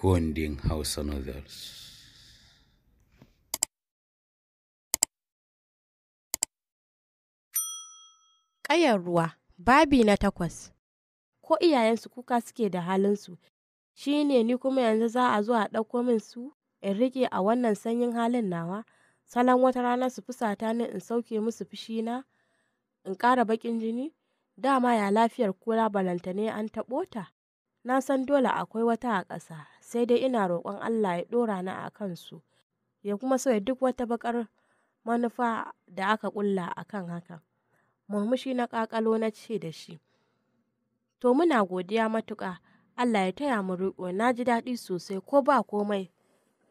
kundin Hausa Novels. Ƙayar ruwa, babi na takwas. Ko iyayensu kuka suke da halinsu, shi ne ni kuma yanzu za a zo a ɗauko min su in riƙe a wannan sanyin halin nawa, salon wata rana su fusata ni in sauke musu fushina, in ƙara baƙin jini, dama ya lafiyar kura balanta ne an taɓo ta. Na san dole akwai wata a ƙasa, sai dai ina roƙon Allah ya ɗora ni a kansu, ya kuma sauya duk wata baƙar manufa da aka ƙulla a kan haka. Murmushi na ƙaƙalo na ce da shi, To muna godiya matuƙa, Allah ya taya mu riƙo, na ji daɗi sosai ko ba komai,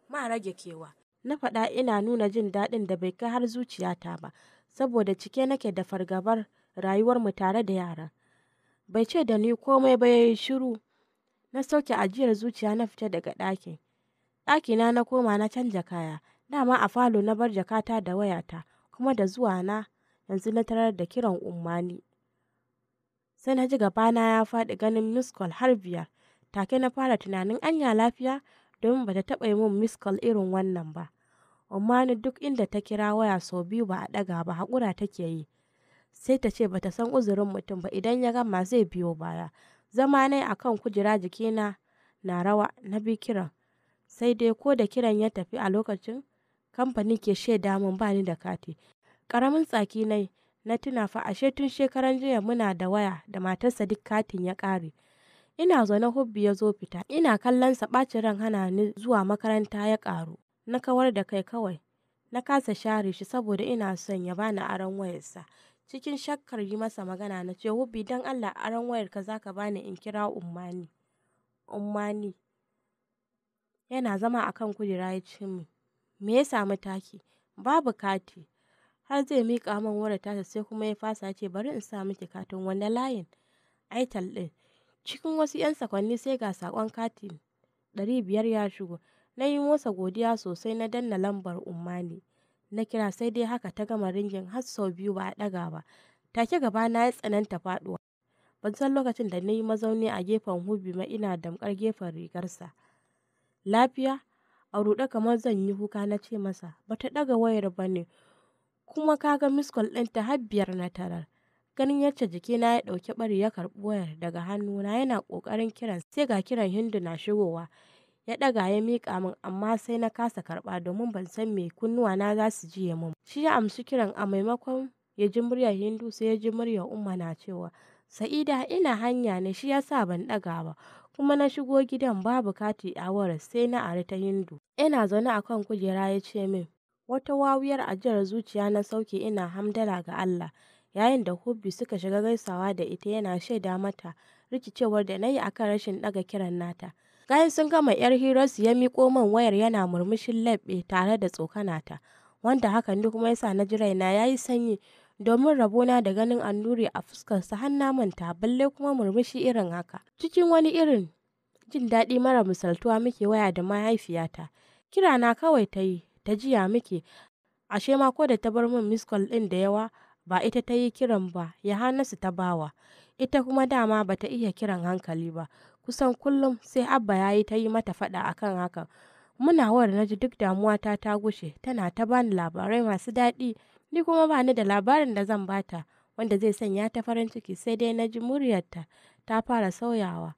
ma rage kewa. Na faɗa ina nuna jin daɗin da bai kai har zuciyata ba, saboda cike nake da fargabar rayuwarmu tare da yara. Bai ce da ni komai ba ya yi shiru. Na sauke ajiyar zuciya na fita daga ɗakin. ɗakina na koma na canja kaya. Dama a falo na bar jakata da wayata, kuma da zuwa na yanzu na tarar da kiran ummani. Sai na ji gabana ya faɗi ganin miss call har biyar. Take na fara tunanin anya lafiya domin bata taɓa yi min miss irin wannan ba. Ummani duk inda ta kira waya sau biyu ba a ɗaga ba haƙura take yi. Sai ta ce bata san uzurin mutum ba idan ya gama zai biyo baya. Zama ne a kan kujera jikina na rawa na bi kiran. Sai dai ko da kiran ya tafi a lokacin, kamfanin ke shaida mun ba ni da kati. Ƙaramin tsaki na na tuna fa ashe tun shekaran jiya muna da waya da matarsa duk katin ya ƙare. Ina zaune Hubbi ya zo fita. Ina kallonsa ɓacin ran hana ni zuwa makaranta ya ƙaru. Na kawar da kai kawai. Na kasa share shi saboda ina son ya bani aron wayarsa. Cikin shakkar yi masa magana na ce, hubbi don Allah aron wayarka za ka bani in kira Ummani. Ummani yana zama a kan kujera ya ce mu Me ya samu taki? Babu kati. Har zai miƙa min wayar tasa sai kuma ya fasa ce bari in sa miki katin wanda layin. Aital din. Cikin wasu 'yan sakonni sai ga sakon katin ɗari biyar ya shigo. Na yi masa godiya sosai na danna lambar Ummani. na kira sai dai haka ta gama ringin har sau biyu ba a ɗaga ba. Take gaba na ya tsananta faɗuwa. Ban san lokacin da na yi mazauni a gefen hubi ma ina damƙar gefen rigarsa. Lafiya? A ruɗe kamar zan yi kuka na ce masa, Ba ta ɗaga wayar ba ne, kuma kaga miskol ɗinta har biyar na tarar. ganin yadda jikina ya ɗauki ɓari ya karɓi wayar daga hannuna yana ƙoƙarin kiran sai ga kiran hindu na shigowa Ya ɗaga ya miƙa min amma sai na kasa karɓa domin ban san me kunnuwa na za su ya min. Shi ya amshi kiran a maimakon ya ji murya Hindu sai ya ji murya Umma na cewa Sa'ida ina hanya ne shi ya sa ban ɗaga ba kuma na shigo gidan babu kati awar sai na ari ta Hindu. Ina zaune a kan kujera ya ce min wata wawiyar ajiyar zuciya na sauke ina hamdala ga Allah yayin da Hubbi suka shiga gaisawa da ita yana shaida mata rikicewar da na yi akan rashin ɗaga kiran nata. Bayan sun gama 'yar su ya miƙo man wayar yana murmushin laɓe tare da tsokanata, wanda haka ni kuma yasa na ji raina ya yi sanyi domin rabona da ganin annuri a fuskarsa har na manta balle kuma murmushi irin haka. Cikin wani irin jin daɗi mara misaltuwa muke waya da mahaifiyata. Kira na kawai ta yi, ta jiya muke, ashe ma ko da ta bar min miskol ɗin da yawa ba ita ta yi kiran ba, hannasu ta bawa. Ita kuma dama bata iya kiran hankali ba, kusan kullum sai abba ya yi ta yi mata faɗa akan hakan muna war na ji duk damuwata ta gushe tana ta bani labarai masu daɗi ni kuma ba ni da labarin da zan bata wanda zai sanya ta farin ciki sai dai na ji muryarta ta fara sauyawa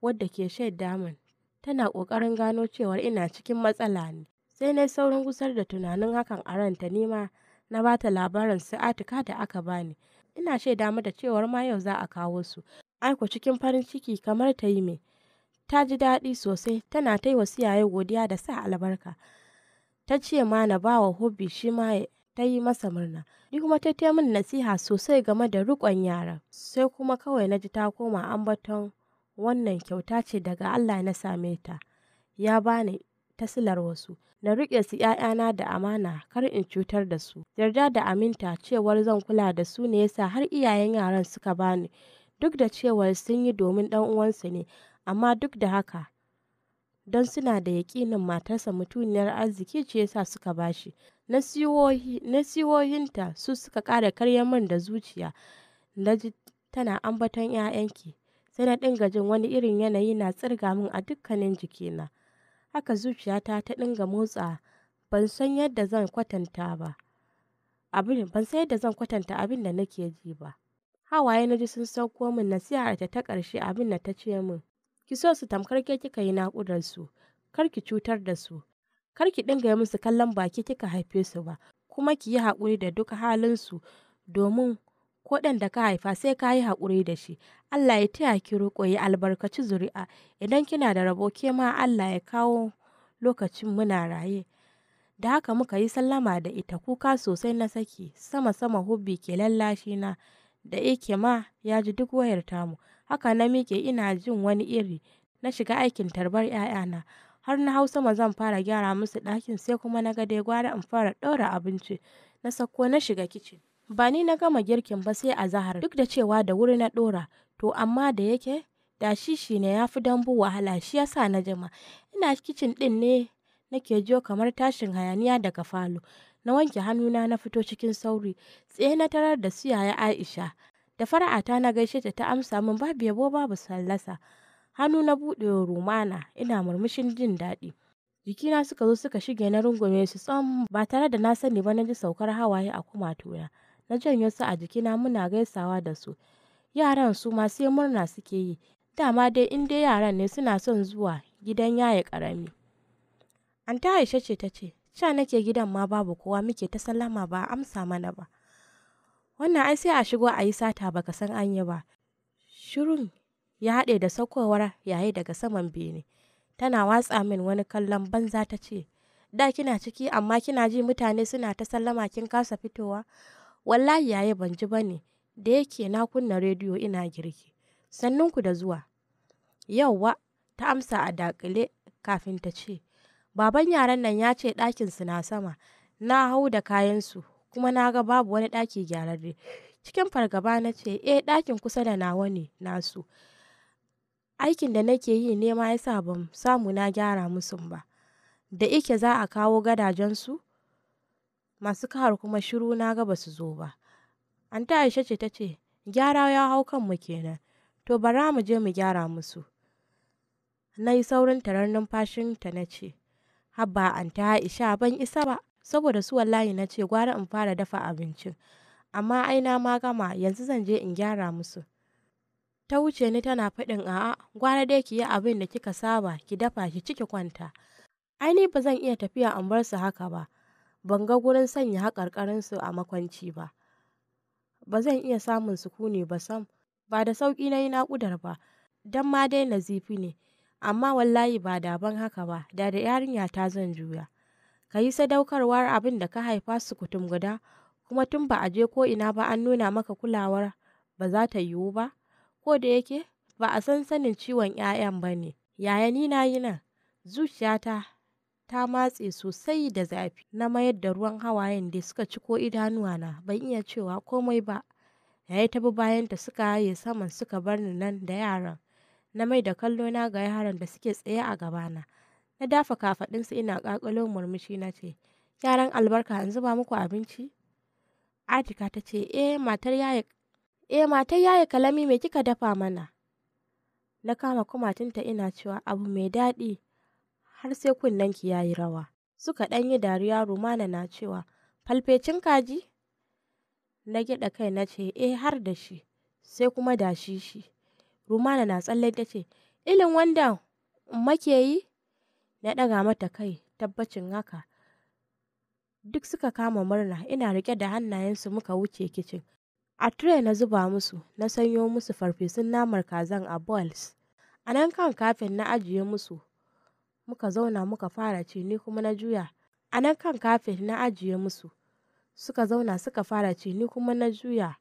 wadda ke shaida min tana ƙoƙarin gano cewar ina cikin matsala ne sai na saurin gusar da tunanin hakan a ranta ni ma na bata labarin sa'atika da aka bani ina shaida mata cewar ma yau za a kawo su Aiko cikin farin ciki kamar ta yi mai. Ta ji daɗi sosai, tana ta yi wa iyaye godiya da sa albarka. Ta ce ma na ba wa hobi shi ma ta yi masa murna. Ni kuma ta ta min nasiha sosai game da riƙon yaran. Sai kuma kawai na ji ta koma ambaton wannan kyauta ce daga Allah na same ta. Ya bani tasilar ta silar wasu. Na rike su ‘ya'yana da amana kar in cutar da su. Yarda da aminta cewar zan kula da su ne yasa har iyayen yaran suka bani. duk da cewar sun yi domin ɗan uwansu ne, amma duk da haka don suna da yaƙinin matarsa mutuniyar arziki ce yasa suka bashi. Nasihohinta su suka ƙara karya min da zuciya, na ji tana ambaton 'ya'yanki, sai na ɗinga jin wani irin yanayi na tsirga min a dukkanin jikina. Haka zuciyata ta ɗinga motsa, ban san ban san yadda zan kwatanta abin da nake ji ba. hawaye na ji sun sauko min nasihar ta ta ƙarshe abin da ta ce min ki so su tamkar ke kika yi naƙudar su kar ki cutar da su kar ki ɗinga yi musu kallon baki kika haife su ba kuma ki yi haƙuri da duk halin su domin ko ɗan da ka haifa sai ka yi haƙuri da shi Allah ya taya ki roƙo ya albarkaci zuri'a idan kina da rabo ke ma Allah ya kawo lokacin muna raye da haka muka yi sallama da ita kuka sosai na saki sama sama hubbi ke lallashi na da yake ma ya ji duk wayar tamu. Haka na miƙe ina jin wani iri, na shiga aikin tarbar ‘ya'yana. Har na hausa ma zan fara gyara musu ɗakin sai kuma na ga dai gwara in fara ɗora abinci. Na sauko na shiga kicin. Ba ni na gama girkin ba sai a zahar duk da cewa da wuri na ɗora. To amma da yake da shi shi ne ya fi dambu wahala shi yasa na jima. Ina kicin ɗin ne nake jo kamar tashin hayaniya daga falo. Na wanke hannuna na fito cikin sauri, tsaye na tarar da su yaya Aisha. Da fara'ata na gaishe ta ta amsa min babu yabo babu sallasa. Hannu na buɗe rumana ina murmushin jin daɗi. Jikina suka zo suka shige na rungume su tsam ba tare da na sani ba na ji saukar hawaye a kumatuna. Na janyo su a jikina muna gaisawa da su. Yaran su ma sai murna suke yi. Dama dai in dai yaran ne suna son zuwa gidan yaye ƙarami. Anta Aisha ce ta ce, sha nake gidan ma babu kowa muke ta sallama ba amsa mana ba wannan ai sai a shigo a yi sata baka san an yi ba shirun ya haɗe da saukowar yayi daga saman bene tana watsa min wani kallon banza ta ce da kina ciki amma kina ji mutane suna ta sallama kin kasa fitowa wallahi yayi ban ji bane da yake na kunna rediyo ina girki sannunku da zuwa yauwa ta amsa a dakile kafin ta ce Baban yaran nan ya ce su na sama. Na hau da kayansu kuma na ga babu wani ɗaki gyararre. Cikin fargaba na ce, “Eh, ɗakin kusa da nawa ne nasu. Aikin da nake yi nema ma ya sa ban samu na gyara musu ba. Da ike za a kawo gadajen su Masu kahar kuma shiru na ga ba zo ba. Anta Aisha ce ta ce, “Gyara ya hau kanmu kenan, to bara mu je mu gyara musu.” Na yi saurin tarar numfashinta na ce. habba an ta Aisha ban isa ba saboda su wallahi na ce gwara in fara dafa abincin amma ai na ma gama yanzu zan je in gyara musu ta wuce ni tana faɗin a'a gwara dai ki yi abin da kika saba ki dafa ki ciki kwanta ai ni ba zan iya tafiya in bar su haka ba ban ga gurin sanya haƙarƙarin su a makwanci ba ba zan iya samun sukuni ba sam ba da sauƙi na yi naƙudar ba don ma dai nazifi ne amma wallahi ba daban haka ba, da da yarinya ta zan juya. Ka yi sadaukarwar abin da ka haifa su kutum guda, kuma tun ba a je ko ina ba an nuna maka kulawar ba za ta yiwu ba, ko da yake ba a san sanin ciwon 'ya'yan ba ne. Yaya ni na yi nan, zuciyata ta matse sosai da zafi, na mayar da ruwan hawayen da suka ci ciko idanuwana, ban iya cewa komai ba. yi ta bi bayanta suka yi saman suka bar ni nan da yaran. na mai da kallo na ga yaran da suke tsaye a gabana. Na dafa su ina ƙaƙalo murmushi na ce, Yaran albarka an zuba muku abinci? Atika ta ce, Eh, matar yaya Eh, matar yaye kalami me kika dafa mana? Na kama kumatinta ina cewa abu mai daɗi har sai kunnen ki yayi rawa. Suka ɗan yi dariya rumana na cewa, Falfecin kaji? Na gyaɗa kai na ce, Eh, har da shi, sai kuma dashi shi. Rumana na tsalle ta ce, Ilin wanda make yi? Na daga mata kai, tabbacin haka. Duk suka kama murna, ina rike da hannayensu muka wuce kicin. A tire na zuba musu, na sanyo musu farfesun namar kazan a boils. A nan kan kafin na ajiye musu, muka zauna muka fara ci ni kuma na juya. A nan kan kafin na ajiye musu, suka zauna suka fara ci ni kuma na juya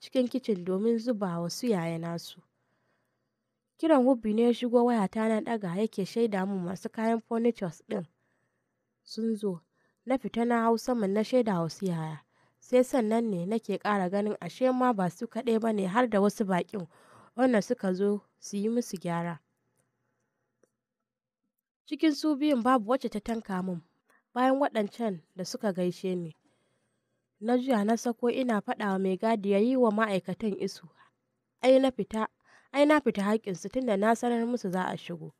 cikin kicin domin zuba wa su yaya nasu. Kiran Whoopi ne ya shigo wayata na daga yake shaida min masu kayan furnitures din sun zo. Na fita na hau saman na shaida wasu yaya. Sai sannan ne nake ƙara ganin ashe ma ba su kaɗai ba ne har da wasu baƙin wannan suka zo su yi musu gyara. Cikin su biyun babu wacce ta tanka min bayan waɗancan da suka gaishe ni. Na juya na sako ina faɗa mai gadi ya yi wa ma'aikatan isu. Ai na fita ai na fita haƙƙinsu tunda na sanar musu za a shigo.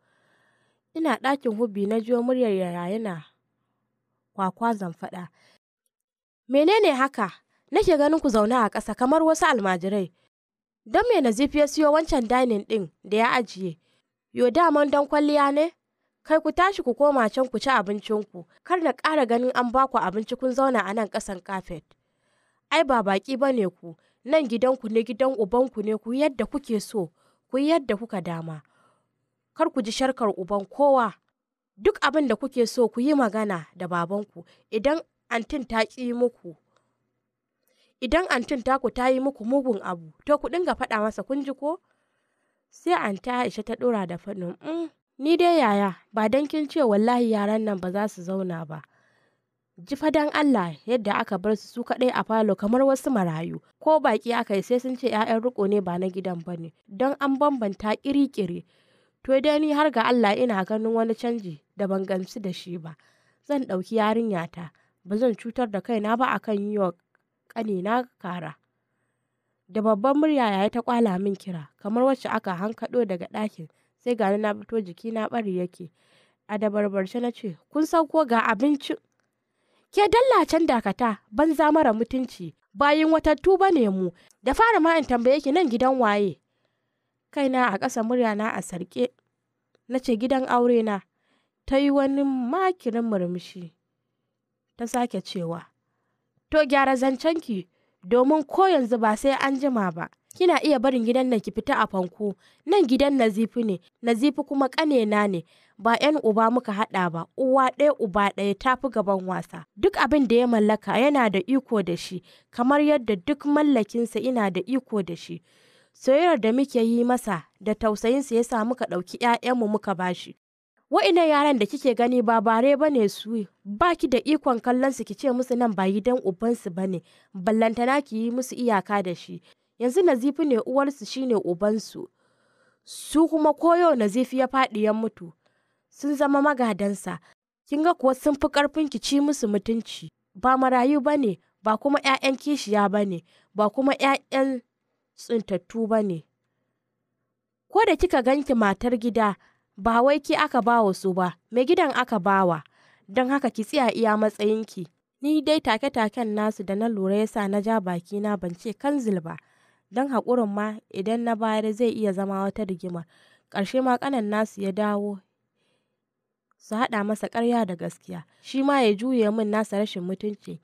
Ina ɗakin Hubi na jiyo muryar yara yana kwakwazon faɗa. Menene haka? Nake ganin ku zauna a ƙasa kamar wasu almajirai. Don me Nazif ya siyo wancan dainin ɗin da ya ajiye? Yo daman don kwalliya ne? Kai ku tashi ku koma can ku ci abincin ku. kar na ƙara ganin an baku abinci kun zauna a nan ƙasan kafet. Ai ba baƙi ba ne ku, nan gidanku ne gidan ubanku ne ku yadda kuke so ku yadda kuka dama kar ku ji sharkar uban kowa duk abin da kuke so ku yi magana da babanku idan antin ta ƙi muku idan antin taku ta yi muku mugun abu to ku dinga faɗa masa kun ji ko sai anta Aisha ta ɗora da faɗin mm, ni dai yaya ba dan kin ce wallahi yaran nan ba za su zauna ba Ji fadan Allah yadda aka bar su su kaɗai a falo kamar wasu marayu, ko baƙi aka yi sai sun ce ‘ya'yan riko ne ba na gidan ba ne, don an bambanta ƙiri-ƙiri. To dai ni har ga Allah ina ganin wani canji da ban gamsu da shi ba. Zan ɗauki yarinyata, ba zan cutar da kaina ba akan yi wa ƙanina kara. Da babban murya yayi ta kwala min kira, kamar wacce aka hankaɗo daga ɗakin, sai gani na fito jiki na ɓari yake. A da barbarce na ce, kun sauko ga abincin. Ke dalla can dakata banza mara mutunci bayin watattu ba ne mu da fara ma in tambaye ki nan gidan waye. Kaina a ƙasa muryana a sarƙe na ce gidan aure na ta yi wani makirin murmushi ta sake cewa to gyara zancenki domin ko yanzu ba sai an jima ba kina iya barin gidan nan ki fita a fanko nan gidan nazifi ne nazifi kuma ƙanena ne ba 'yan uba muka haɗa ba uwa ɗaya uba ɗaya tafi gaban wasa duk abin da ya mallaka yana da iko da shi kamar yadda duk mallakinsa ina da iko da shi soyayyar da muke yi masa da tausayinsa ya sa muka ɗauki 'ya'yanmu muka bashi wa'innan yaran da kike gani ba bare ba ne su baki da ikon kallon su ki ce musu nan ba gidan ubansu ba ne ballantana ki yi musu iyaka da shi yanzu nazifi ne uwarsu shine ubansu su kuma koyo nazifi ya faɗi ya mutu sun zama magadansa kin ga kuwa sun fi ƙarfin ki ci musu mutunci ba marayu ba ne ba kuma 'ya'yan kishiya ba ne ba kuma 'ya'yan tsintattu ba ne ko da kika ganki matar gida ba wai ki aka bawa su ba mai gidan aka bawa don haka ki tsaya iya matsayinki ni dai take-taken nasu da na lura yasa na ja bakina ban ce kanzil ba Don haƙurin ma idan na bayar zai iya zama wata rigima, Ƙarshe ma ƙanan nasu ya dawo su haɗa masa ƙarya da gaskiya, shi ma ya juye min nasa rashin mutunci.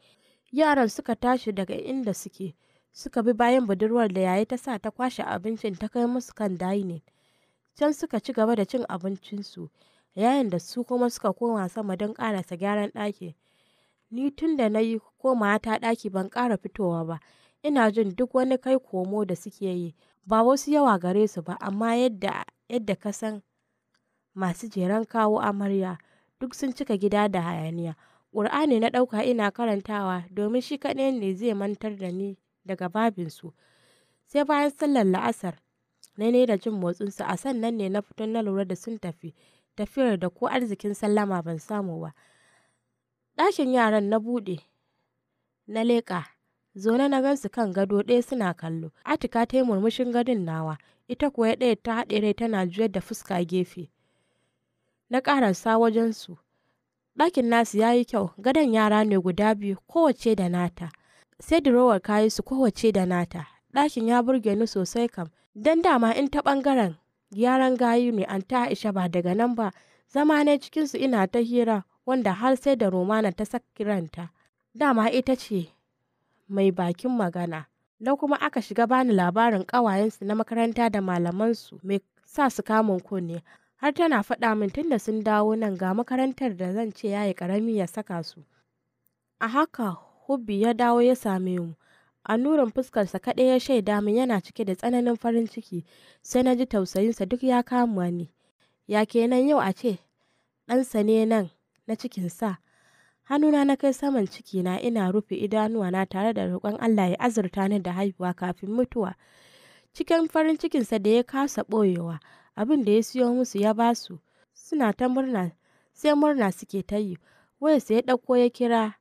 Yaran suka tashi daga inda suke, suka bi bayan budurwar da yayi ta sa ta kwashe abincin ta kai musu kan dining. Can suka ci gaba da cin abincinsu, yayin da su kuma suka koma sama don ƙarasa gyaran ɗaki Ni tun da na yi komawa ta ɗaki ban ƙara fitowa ba. Ina jin duk wani kai komo da suke yi ba wasu yawa gare su ba amma yadda yadda ka san masu jeran kawo amarya duk sun cika gida da hayaniya. Ƙur'ani na ɗauka ina karantawa domin shi kaɗai ne zai mantar da ni daga babinsu. Sai bayan sallar la'asar na da jin motsinsu a sannan ne na fito na lura da sun tafi tafiyar da ko arzikin sallama ban samu ba. Ɗakin yaran na buɗe na leƙa Zone na gansu kan gado ɗaya suna kallo. Atika ta yi murmushin gadon nawa, ita kuwa ɗaya ta haɗe rai tana juyar da fuska gefe. Na ƙarasa wajensu. Ɗakin nasu ya yi kyau, gadon yara ne guda biyu kowace da nata. Sai durowar kayi su kowace da nata. Ɗakin ya burge ni sosai kam, don dama in ta ɓangaren gyaran gayu ne an ta Aisha ba daga nan ba, zama na cikinsu ina ta hira wanda har sai da Romana ta saki ranta. Dama ita ce mai bakin magana. Na kuma aka shiga bani labarin ƙawayensu na makaranta da malamansu mai sa su kamun kunne. Har tana faɗa min tunda sun dawo nan ga makarantar da zan ce yayi karami ya saka su. A haka Hubbi ya dawo ya same mu. A nurin fuskarsa kaɗai ya shaida min yana cike da tsananin farin ciki, sai na ji tausayinsa duk ya kama ni. Ya kenan yau a ce, ɗansa ne nan na cikin sa. Hannuna na kai saman cikina ina rufe idanuwa na tare da roƙon Allah ya azurta ni da haihuwa kafin mutuwa. Cikin farin cikinsa da ya kasa ɓoyewa, abin da ya siyo musu ya ba su, suna ta murna, sai murna suke ta yi. sai ya ɗauko ya kira,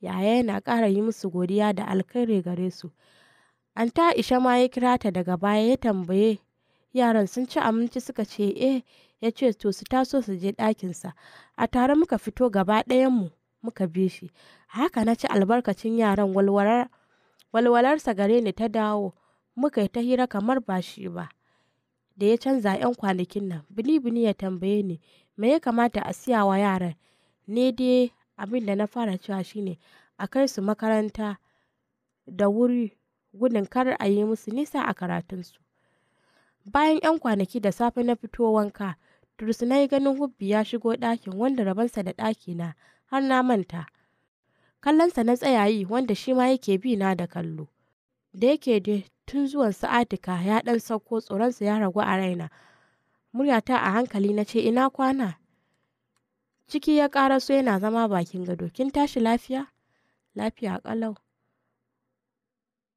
yaya yana ƙara yi musu godiya da alkhairi gare su. an ta isha ma ya kira ta daga baya ya tambaye yaran sun ci aminci suka ce eh ya ce to su taso su je ɗakinsa. A tare muka fito gaba ɗayanmu. mu. muka bi shi. Haka na ci albarkacin yaran walwalarsa gare ni ta dawo muka yi ta hira kamar ba shi ba. Da ya canza 'yan kwanakin nan bini bini ya tambaye ni me ya kamata a siya wa yaran. ne dai abin da na fara cewa shine a kai su makaranta da wuri gudun kar a yi musu nisa a karatunsu. Bayan 'yan kwanaki da safe na fito wanka, tursu na yi ganin Hubbi ya shigo ɗakin wanda rabansa da ɗakina har na manta. Kallonsa na tsayayi wanda shi ma yake bi na da kallo. Da yake da tun zuwan sa'adika ya ɗan sauko tsoronsa ya ragu a raina. Muryata a hankali na ce ina kwana. Ciki ya ƙaraso yana zama bakin gado. Kin tashi lafiya? Lafiya ƙalau.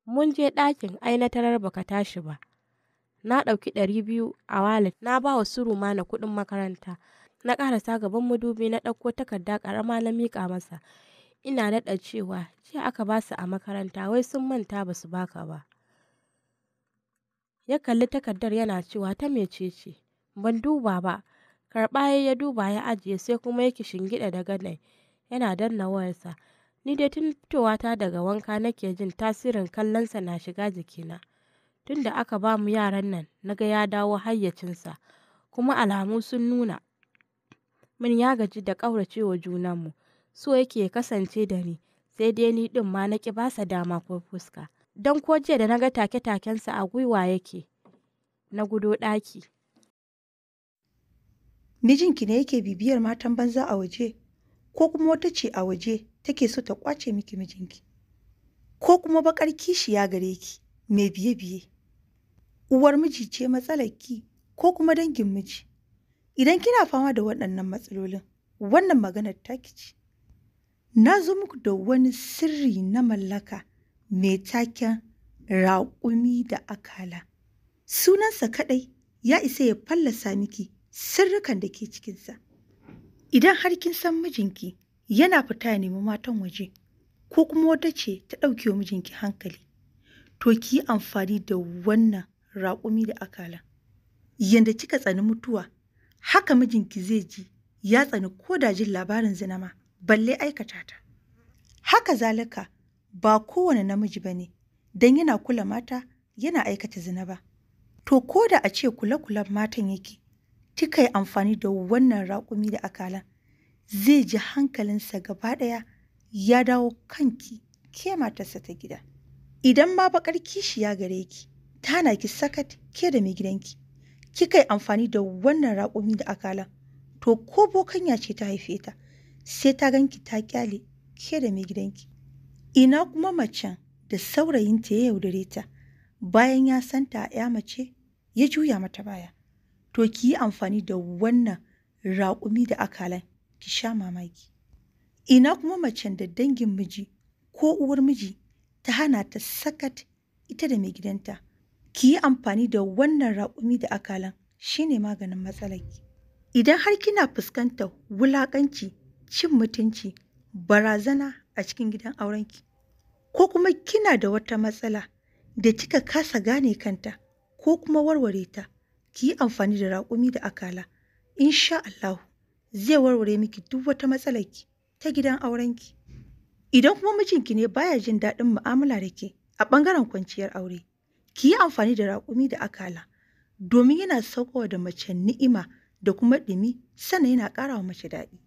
Mun je ɗakin ai na tarar baka tashi ba. Na ɗauki ɗari biyu a walet na ba wa suruma na kuɗin makaranta. Na ƙarasa gaban madubi na ɗauko takarda ƙarama na miƙa masa. Ina daɗa cewa jiya aka ba su a makaranta wai sun manta ba su baka ba. Ya kalli takardar yana cewa ta mece ce, ban duba ba, karɓa ya duba ya ajiye sai kuma yake shingiɗa da ganai yana danna wayarsa. Ni dai tun fitowata daga wanka nake jin tasirin kallonsa na shiga jikina. Tun da aka ba mu yaran nan, na ga ya dawo hayyacinsa, kuma alamu sun nuna Mun ya gaji da ƙauracewa junanmu, so yake kasance da ni, sai dai ni ɗin ma na ba sa dama ko fuska. Don ko jiya da na ga take-takensa a gwiwa yake, na gudo ɗaki. Mijinki ne yake bibiyar matan banza a waje, ko kuma wata ce a waje take so ta kwace miki mijinki, ko kuma baƙar ya gare ki mai biye-biye. Uwar miji ce matsalar ki, ko kuma dangin miji. Idan kina fama da waɗannan matsalolin, wannan maganar taki ce. Na zo muku da wani sirri na mallaka mai taken raƙumi da akala. Sunansa kaɗai ya isa ya fallasa miki sirrikan da ke cikinsa. Idan har kin san mijinki yana fita ya nemi matan waje, ko kuma wata ce ta ɗauke wa mijinki hankali, to ki yi amfani da wannan raƙumi da akala. Yanda kika tsani mutuwa, haka mijinki zai ji ya tsani ko da jin labarin zina ma balle aikata ta haka zalika ba kowane namiji ba ne don yana kula mata yana aikata zina ba to ko da a ce kula-kulan matan yake tika yi amfani da wannan raƙumi da akalan zai ji hankalinsa gaba ɗaya ya dawo kanki ke matarsa ta gida idan ma baƙar kishi ya gare ki tana ki sakat ke da mai gidanki kika yi amfani da wannan raƙumi da akalan to ko bokanya ce ta haife ta sai ta ganki ta kyale ke da mai gidanki ina kuma macen da saurayinta ya yaudare ta bayan ya santa ya mace ya juya mata baya to ki yi amfani da wannan raƙumi da akalan ki sha mamaki ina kuma macen da dangin miji ko uwar miji ta hana ta sakat ita da mai gidanta ki yi amfani da wannan raƙumi da akalan shi ne maganin matsalarki. Idan har kina fuskantar wulaƙanci, cin mutunci, barazana a cikin gidan aurenki, ko kuma kina da wata matsala da kika kasa gane kanta ko kuma warware ta, ki yi amfani da raƙumi da akala. Insha Allahu zai warware miki duk wata matsalarki ta gidan aurenki. Idan kuma mijinki ne baya jin daɗin mu'amala da ke a ɓangaren kwanciyar aure, ki yi amfani da raƙumi da akala domin yana saukowa da mace ni'ima da kuma ɗumi sannan yana ƙara wa mace daɗi.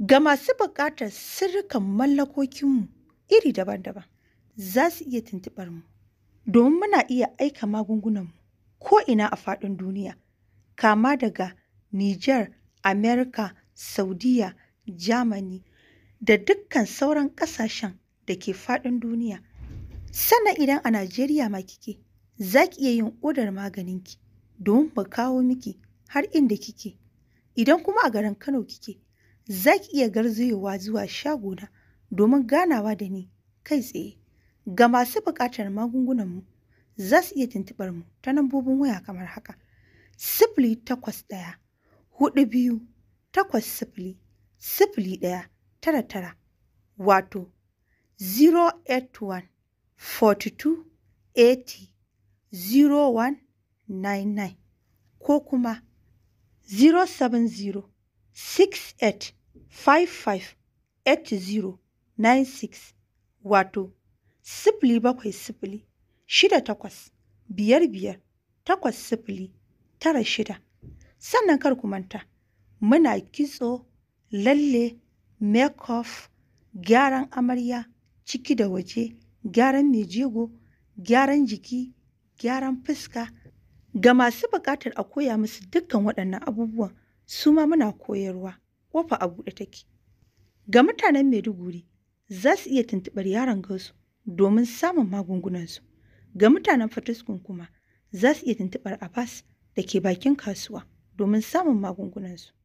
Ga masu buƙatar sirrikan mallakokinmu iri daban-daban za su iya tuntuɓar mu domin muna iya aika magungunanmu ko ina a faɗin duniya kama daga Niger, Amerika, Saudiya, Germany da dukkan sauran ƙasashen da ke faɗin duniya. sannan idan a Najeriya ma kike za ki iya yin odar maganinki domin ba kawo miki har inda kike idan kuma a garin Kano kike za ki iya garzayowa zuwa shagona domin ganawa da ni kai tsaye ga masu buƙatar magungunanmu za su iya tuntuɓar mu ta lambobin waya kamar haka sifili takwas ɗaya huɗu biyu takwas sifili sifili ɗaya tara tara wato one. 42 80 ko kuma 070 68 55 8096 wato sifili bakwai sifili shida takwas biyar biyar takwas sifili tara shida sannan kar ku manta muna kitso lalle make gyaran amarya ciki da waje gyaran nijego, gyaran jiki, gyaran fuska. Ga masu buƙatar a koya musu dukkan waɗannan abubuwan su ma muna koyarwa, ƙofa a buɗe take. Ga mutanen Maiduguri za su iya tuntuɓar yaron gasu domin samun magungunansu. Ga mutanen Fataskun kuma za su iya tuntuɓar Abbas da ke bakin kasuwa domin samun magungunansu.